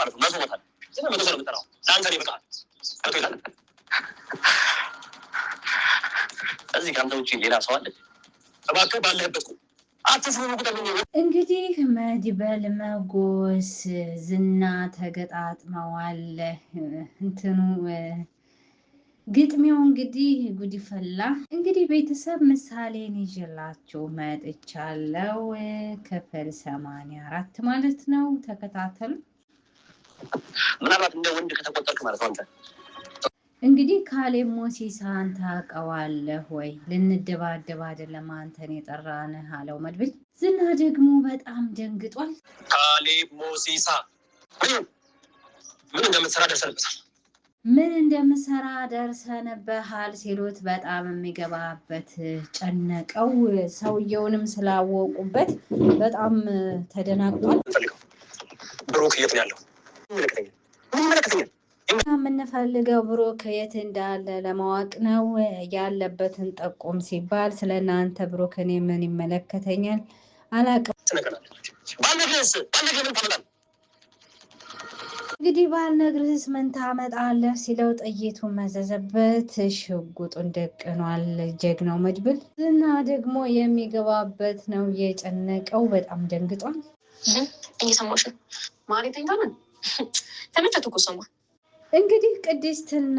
ማለት ነው። መስቦታል። ዝም ብሎ ሰው የምጠራው ለአንተ ይበቃል ቀርቶ ይላል። እዚህ ከአንተ ውጭ ሌላ ሰው አለ? እባክህ ባለህበት እንግዲህ መድበል መጎስ ዝና ተገጣጥመዋል። እንትኑ ግጥሚያው እንግዲህ ጉዲፈላ እንግዲህ ቤተሰብ ምሳሌን ይዤላችሁ መጥቻለሁ። ክፍል ሰማንያ አራት ማለት ነው። ተከታተሉ። ምናልባት እንደ ወንድ ከተቆጠርክ ማለት ነው አንተ እንግዲህ ካሌብ ሞሲሳን ታውቀዋለህ ወይ? ልንደባደብ አይደለም አንተን የጠራንህ አለው መድብል። ዝና ደግሞ በጣም ደንግጧል። ካሌብ ሞሲሳ ምን እንደምትሰራ ደርሰንበታል፣ ምን እንደምትሰራ ደርሰንበሃል ሲሉት በጣም የሚገባበት ጨነቀው። ሰውየውንም ስላወቁበት በጣም ተደናግጧል። ብሩክ የት ነው ያለው? የምንፈልገው ብሩክ የት እንዳለ ለማወቅ ነው። ያለበትን ጠቁም ሲባል ስለ እናንተ ብሩክ እኔ ምን ይመለከተኛል አላውቅም። እንግዲህ ባልነግርህስ ምን ታመጣለህ ሲለው ጥይቱ መዘዘበት፣ ሽጉጡን ደቅኗል። ጀግናው መድብል ዝና ደግሞ የሚገባበት ነው የጨነቀው። በጣም ደንግጧል። እየሰማሁሽ ነው ተመቸት እኮ ሰማ እንግዲህ ቅድስትና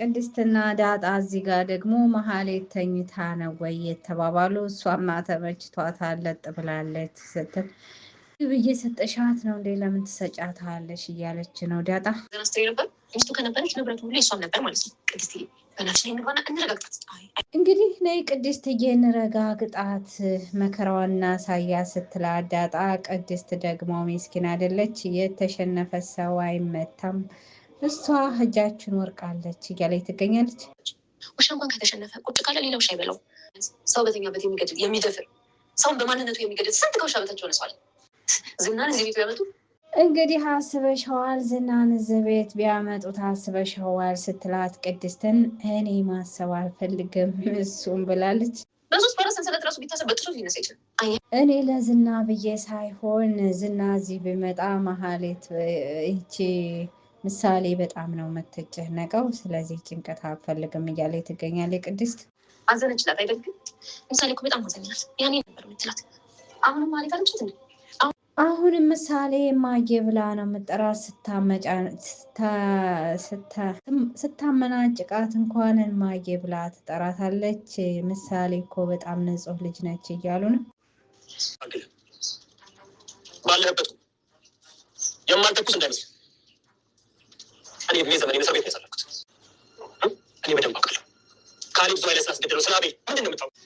ቅድስትና ዳጣ እዚህ ጋር ደግሞ መሀል የተኝታ ነው ወይ የተባባሉ እሷማ ተመችቷታል ለጥ ብላለች ስትል ምግብ እየሰጠሻት ነው እንዴ? ለምን ትሰጫታለሽ? እያለች ነው ዳጣ። ሚስቱ ከነበረች ንብረቱ ሁሉ የሷም ነበር ማለት ነው። ቅድስትዬ በናችን የሚሆነ እንረጋግጣት። እንግዲህ ነይ ቅድስትዬ እንረጋግጣት፣ መከራዋና ሳያ ስትላ ዳጣ። ቅድስት ደግሞ ምስኪን አይደለች፣ የተሸነፈ ሰው አይመታም፣ እሷ እጃችን ወርቃለች እያለች ትገኛለች። ውሻ እንኳን ከተሸነፈ ቁጭ ካለ ሌላ ውሻ አይበላው። ሰው በተኛበት የሚገድል የሚደፍር ሰውን በማንነቱ የሚገድል ስንት ከውሻ በታች ሆነ ሰዋል ዝናን እዚህ ቤት ቢያመጡ እንግዲህ አስበሽዋል፣ ዝናን እዚህ ቤት ቢያመጡት አስበሽዋል ስትላት ቅድስትን እኔ ማሰብ አልፈልግም እሱም ብላለች። በሶስት ሰንሰለት ራሱ ቢታሰብ ሊነሳ ይችላል። እኔ ለዝና ብዬ ሳይሆን ዝና እዚህ ቢመጣ መሀሌት ይቺ ምሳሌ በጣም ነው የምትጨነቀው። ስለዚህ ጭንቀት አልፈልግም እያለ ትገኛለ። ቅድስት አዘነችላት አይደል? ምሳሌ እኮ በጣም አዘነላት። ያኔ ነበር ምትላት አሁንም ማለት አለችት አሁን ምሳሌ ማየ ብላ ነው የምጠራት። ስታመናጭቃት እንኳን ማየ ብላ ትጠራታለች። ምሳሌ እኮ በጣም ንጹሕ ልጅ ነች እያሉ ነው። ባለህበት የማልተኩስ እንዳይመስል እኔ ዘመን ቤት እኔ በደንብ አውቃለሁ። ካሌብ ስላስገደለው ስለ አቤል ምንድን ነው የምታውቀው?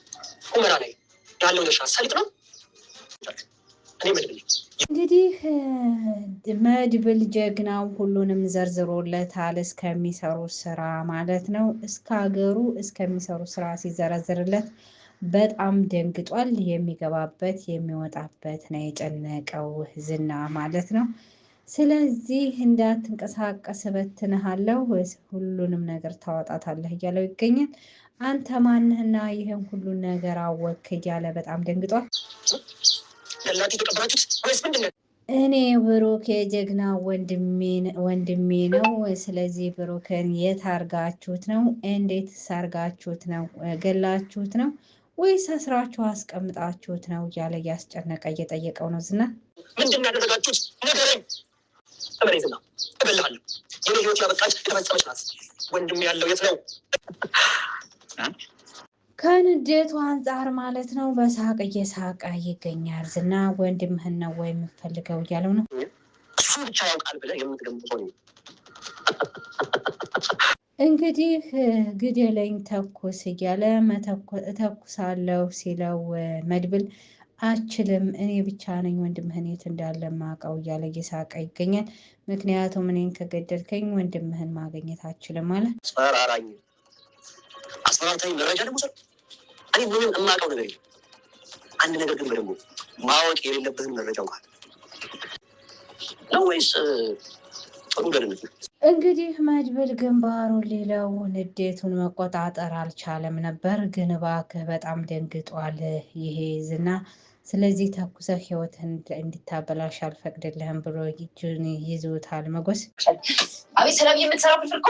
ሁመራ ላይ ሰሊጥ ነው። እንግዲህ መድብል ጀግናው ሁሉንም ዘርዝሮለታል። እስከሚሰሩ ስራ ማለት ነው። እስከ ሀገሩ እስከሚሰሩ ስራ ሲዘረዝርለት በጣም ደንግጧል። የሚገባበት የሚወጣበት ነው የጨነቀው ዝና ማለት ነው። ስለዚህ እንዳትንቀሳቀስ በትንሃለው፣ ሁሉንም ነገር ታወጣታለህ እያለው ይገኛል። አንተ ማንህና ይህን ሁሉን ነገር አወክ እያለ በጣም ደንግጧል። እኔ ብሩክ የጀግና ወንድሜ ነው። ስለዚህ ብሩክን የት አርጋችሁት ነው? እንዴት ሳርጋችሁት ነው? ገላችሁት ነው ወይስ አስራችሁ አስቀምጣችሁት ነው? እያለ እያስጨነቀ እየጠየቀው ነው። ዝና ምንድን ያደረጋችሁት ነገረኝ። እመሬት ነው እበላለሁ። የኔ ህይወት ያበቃች የተፈጸመች ናት። ወንድሜ ያለው የት ነው? ከንዴቱ አንጻር ማለት ነው በሳቅ እየሳቀ ይገኛል። ዝና ወንድምህን ነው ወይ የምፈልገው እያለው ነው። እሱ ብቻ ያውቃል ብለህ የምትገምት እንግዲህ ግደለኝ ተኩስ እያለ እተኩሳለሁ ሲለው መድብል አችልም እኔ ብቻ ነኝ ወንድምህን የት እንዳለ ማቀው እያለ እየሳቀ ይገኛል። ምክንያቱም እኔን ከገደልከኝ ወንድምህን ማገኘት አችልም ማለት አስፈራራኝ። አስፈራርተኝ ደረጃ ደግሞ እኔ ምንም የማውቀው ነገር የለም። አንድ ነገር ግን በደንብ ማወቅ የሌለበትን መረጃ ውቃል ነው ወይስ ጥሩ ደህንነት ነው? እንግዲህ መድብል ግንባሩን ሌላውን ንዴቱን መቆጣጠር አልቻለም ነበር። ግን እባክህ በጣም ደንግጧል ይሄ ዝና፣ ስለዚህ ተኩሰህ ህይወትህን እንድታበላሽ አልፈቅድልህም ብሎ እጁን ይዞታል። መጎስ አቤት ሰላም የምትሰራ ፍልፍል እኮ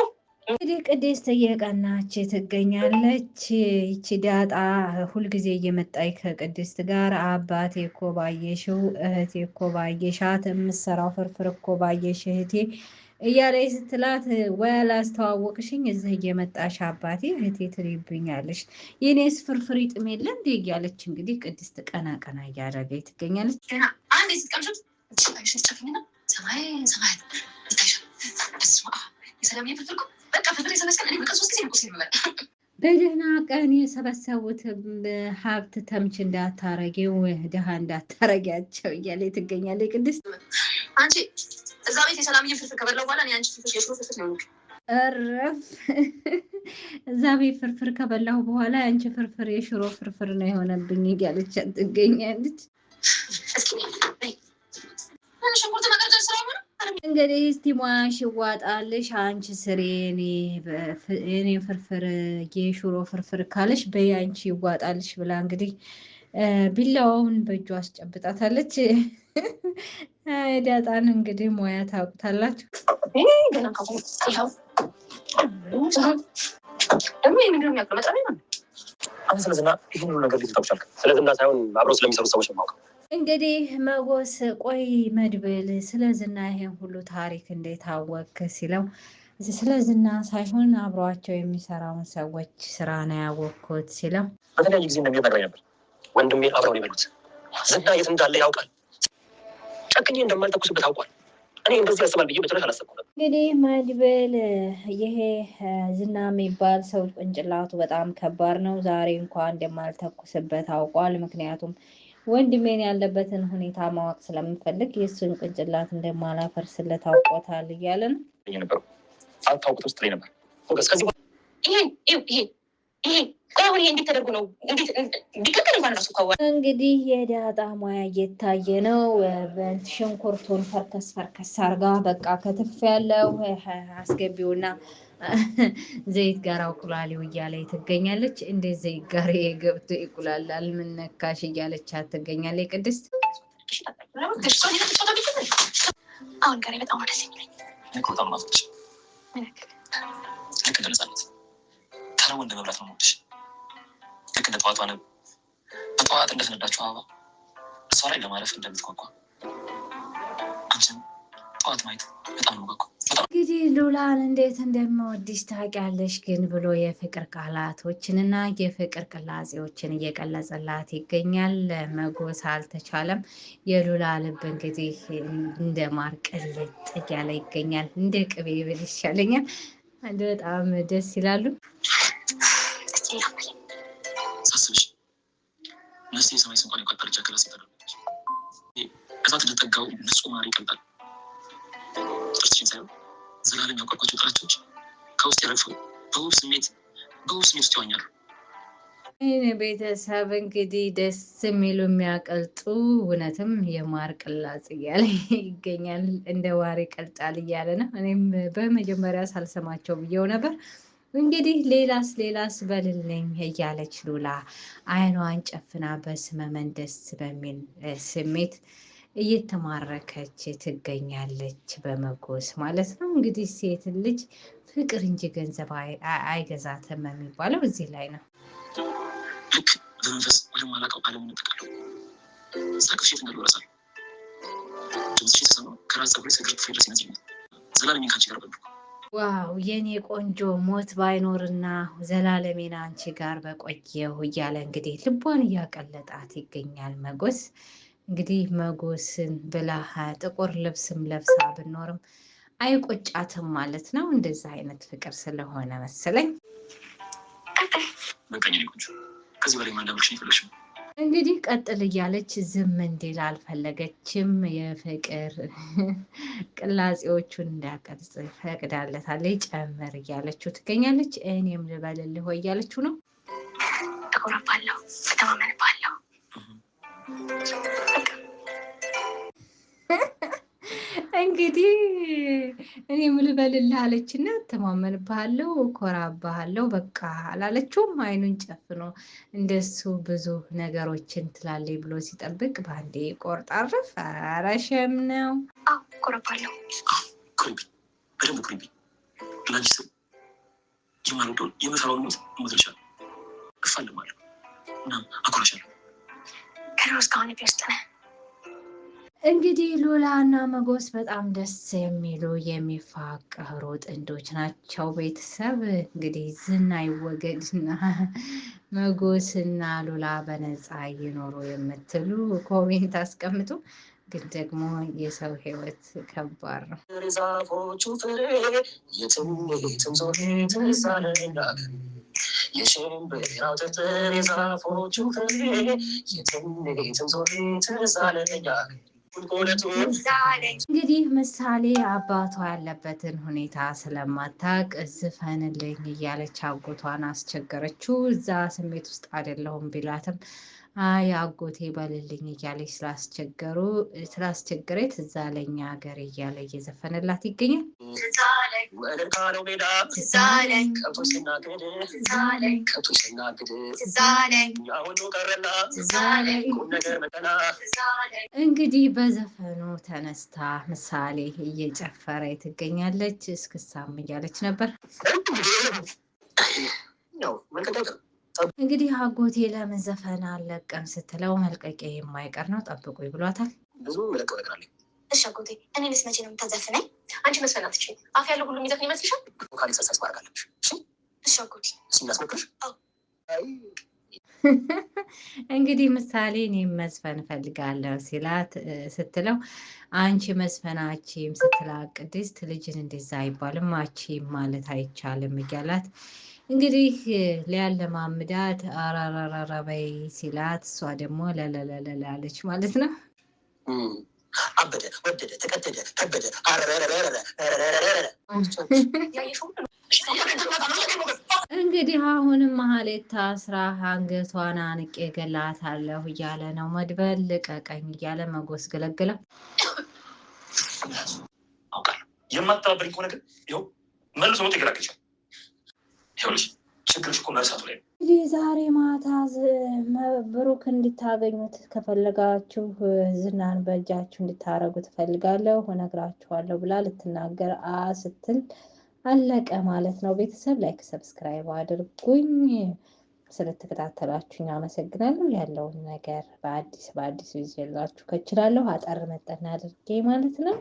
እንግዲህ ቅድስት እየቀናች ትገኛለች። ይቺ ዳጣ ሁልጊዜ እየመጣች ከቅድስት ጋር አባቴ እኮ ባየሽው፣ እህቴ እኮ ባየሻት፣ የምሰራው ፍርፍር እኮ ባየሽ እህቴ እያለ ስትላት ወላስተዋወቅሽኝ እዚህ እየመጣሽ አባቴ እህቴ ትሪብኛለሽ፣ የኔስ ፍርፍር ይጥም የለ እንዴ እያለች እንግዲህ ቅድስት ቀና ቀና እያደረገ ትገኛለች። ሰማይ ሰማይ ይታይሻል። በቃ ፈጥሬ ሰበስከን እኔ ሶስት ጊዜ ንጉስ ሊመበል በደህና ቀን የሰበሰቡት ሀብት ተምች እንዳታረጊው ድሃ እንዳታረጊያቸው እያለ ትገኛለ። ቅድስት። አንቺ እዛ ቤት የሰላምዬ ፍርፍር ከበላሁ በኋላ እኔ አንቺ ፍርፍር የሽሮ ፍርፍር ነው እረፍ። እዛ ቤት ፍርፍር ከበላሁ በኋላ አንቺ ፍርፍር የሽሮ ፍርፍር ነው የሆነብኝ እያለች ትገኛለች። ሽንኩርት መቀርጨር ስራ ሆነ እንግዲህ እስቲ ሙያሽ ይዋጣልሽ። አንቺ ስሪ፣ እኔ ፍርፍር የሽሮ ፍርፍር ካለሽ በይ አንቺ ይዋጣልሽ ብላ እንግዲህ ቢላዋውን በእጇ አስጨብጣታለች። ዳጣን እንግዲህ ሙያ ታውቁታላችሁ። ይህን ሁሉ ነገር ልጅ ሳይሆን አብረው ስለሚሰሩ ሰዎች ነው እንግዲህ መጎስ ቆይ መድብል ስለዝና ይሄን ሁሉ ታሪክ እንዴት አወክ? ሲለው ስለ ዝና ሳይሆን አብሯቸው የሚሰራውን ሰዎች ስራ ነው ያወቅኩት ሲለው በተለያየ ጊዜ ነገር ነግረኝ ነበር። ወንድሜ አብረው ይበሉት ዝና የት እንዳለ ያውቃል። ጨክኜ እንደማልተኩስበት አውቋል። እኔ እንደዚህ ያስባል ብዬ በጭራሽ አላሰብኩም ነበር። እንግዲህ መድብል ይሄ ዝና የሚባል ሰው ጭንቅላቱ በጣም ከባድ ነው። ዛሬ እንኳን እንደማልተኩስበት አውቋል። ምክንያቱም ወንድሜን ያለበትን ሁኔታ ማወቅ ስለምፈልግ የእሱን ቅንጭላት እንደማላፈርስለት አውቆታል እያለ ነው። እንግዲህ የዳጣ ሙያ እየታየ ነው። ሽንኩርቱን ፈርከስ ፈርከስ አርጋ በቃ ከትፍ ያለው አስገቢውና ዘይት ጋር አቁላሌው እያለ ትገኛለች። እንደ ዘይት ጋር የገብቶ ይቁላላል። ምነካሽ እያለች ትገኛለች። ቅድስት አሁን ጋር በጣም ደስ ያለ እንደ መብላት ነው የምወድሽ። ልክ እንደ ጠዋቷ ነው በጠዋት እንደፈነዳችው አበባ እሷ ላይ ለማለፍ እንደምትጓጓ አንቺም ጠዋት ማየት በጣም ነው ጓጓ። እንግዲህ ሉላን እንዴት እንደምወድሽ ታውቂያለሽ ግን ብሎ የፍቅር ቃላቶችንና የፍቅር ቅላጼዎችን እየቀለጸላት ይገኛል። መጎስ አልተቻለም። የሉላ ልብ እንግዲህ እንደ ማር ቅልጥ እያለ ይገኛል። እንደ ቅቤ ብል ይሻለኛል። በጣም ደስ ይላሉ። ሳስብሽ ነፍሴ የሰማይ ስንኳን የቋጠረች ከራሴ ተደረገች። እሳት ለጠጋው ንጹህ ማር ይቀልጣል። ጥርትሽን ሳይሆን ዘላለም ያውቋቋቸው ጥራቶች ከውስጥ ያረፈው በውብ ስሜት በውብ ስሜት ውስጥ ይዋኛሉ። ይህን ቤተሰብ እንግዲህ ደስ የሚሉ የሚያቀልጡ እውነትም የማር ቅላጽ እያለ ይገኛል። እንደ ዋር ይቀልጣል እያለ ነው። እኔም በመጀመሪያ ሳልሰማቸው ብዬው ነበር። እንግዲህ ሌላስ ሌላስ በልልኝ እያለች ሉላ አይኗን ጨፍና በስመ መንደስ በሚል ስሜት እየተማረከች ትገኛለች። በመጎስ ማለት ነው እንግዲህ ሴት ልጅ ፍቅር እንጂ ገንዘብ አይገዛትም የሚባለው እዚህ ላይ ነው። ልክ በመንፈስ ወደ ዓለም እንጠቃለሁ። ሳቅሽ የት ድምፅሽ የተሰማው ከራስ ፀጉሬ ድረስ ይመስለኛል። ጋር ዋው የኔ ቆንጆ ሞት ባይኖርና ዘላለሜን አንቺ ጋር በቆየሁ እያለ እንግዲህ ልቧን እያቀለጣት ይገኛል መጎስ። እንግዲህ መጎስን ብላ ጥቁር ልብስም ለብሳ ብኖርም አይቆጫትም ማለት ነው። እንደዛ አይነት ፍቅር ስለሆነ መሰለኝ። ቆንጆ ከዚህ በላይ ማዳመጥሽ ነው እንግዲህ ቀጥል እያለች ዝም እንዲል አልፈለገችም። የፍቅር ቅላጼዎቹን እንዳቀርጽ ፈቅዳለታለች። ጨምር እያለችው ትገኛለች። እኔም ልበልልህ ወይ እያለችው ነው። እኮራባለሁ፣ እተማመንባለሁ። እንግዲህ እኔ ምልበልልህ አለችና እተማመንብሃለሁ፣ እኮራብሃለሁ በቃ አላለችውም። አይኑን ጨፍኖ እንደሱ ብዙ ነገሮችን ትላለች ብሎ ሲጠብቅ በአንዴ ቆርጣ አረፍ። ነው። እኮራብሃለሁ፣ በደንብ ኩሪቢ ለአንቺ የማንዶን የመሰራውን ሞትልሻ እና ከሮስ ከሆነ ነህ እንግዲህ ሉላና መጎስ በጣም ደስ የሚሉ የሚፋቀሩ ጥንዶች ናቸው። ቤተሰብ እንግዲህ ዝና ይወገድና መጎስና ሉላ በነፃ ይኖሩ የምትሉ ኮሜንት አስቀምጡ። ግን ደግሞ የሰው ሕይወት ከባድ ነው። የዛፎቹ እንግዲህ ምሳሌ አባቷ ያለበትን ሁኔታ ስለማታቅ ዝፈንልኝ እያለች አጎቷን አስቸገረችው። እዛ ስሜት ውስጥ አይደለሁም ቢላትም አይ አጎቴ በልልኝ እያለች ስላስቸገሩ ስላስቸገረች እዛ ለኛ ሀገር እያለ እየዘፈነላት ይገኛል። እንግዲህ በዘፈኑ ተነስታ ምሳሌ እየጨፈረ ትገኛለች። እስክሳም እያለች ነበር። እንግዲህ አጎቴ ለምን ዘፈን አለቀም ስትለው መልቀቂያ የማይቀር ነው ጠብቁ ብሏታል። ብዙ መለቀበቃለኝ እሺ አጎቴ፣ እኔንስ መቼ ነው የምታዘፍነኝ? አንቺ መስፈን አትችይም። አፍ ያለው ሁሉ የሚዘፍን ይመስልሻል? ካሊ ሰሳስ ማድረግ አለብሽ። እሺ አጎቴ። እንግዲህ ምሳሌ እኔ መዝፈን እፈልጋለሁ ሲላት ስትለው አንቺ መዝፈናችም ስትላት ቅድስት ልጅን እንደዛ አይባልም አቺም ማለት አይቻልም እያላት እንግዲህ ሊያለማምዳት አራራራራ በይ ሲላት እሷ ደግሞ ለለለለለ አለች ማለት ነው። አበደ፣ ወደደ፣ ተቀደደ፣ ከበደ እንግዲህ አሁንም መሀሌት ታስራ አንገቷን አንቄ ገላታለሁ እያለ ነው። መድበል ልቀቀኝ እያለ መጎስ ገለግለው አውቃለሁ የማታበሪኝ ከሆነ ግን ይኸው መልሶ መጥ ይገላገቻል። ይኸውልሽ ችግር እኮ መርሳቱ ላይ እንግዲህ ዛሬ ማታ ብሩክ እንድታገኙት ከፈለጋችሁ ዝናን በእጃችሁ እንድታረጉ ትፈልጋለሁ እነግራችኋለሁ ብላ ልትናገር ስትል አለቀ ማለት ነው። ቤተሰብ ላይክ፣ ሰብስክራይብ አድርጉኝ። ስለተከታተላችሁኝ አመሰግናለሁ። ያለውን ነገር በአዲስ በአዲስ ይዤላችሁ ከችላለሁ አጠር መጠን አድርጌ ማለት ነው።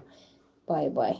ባይ ባይ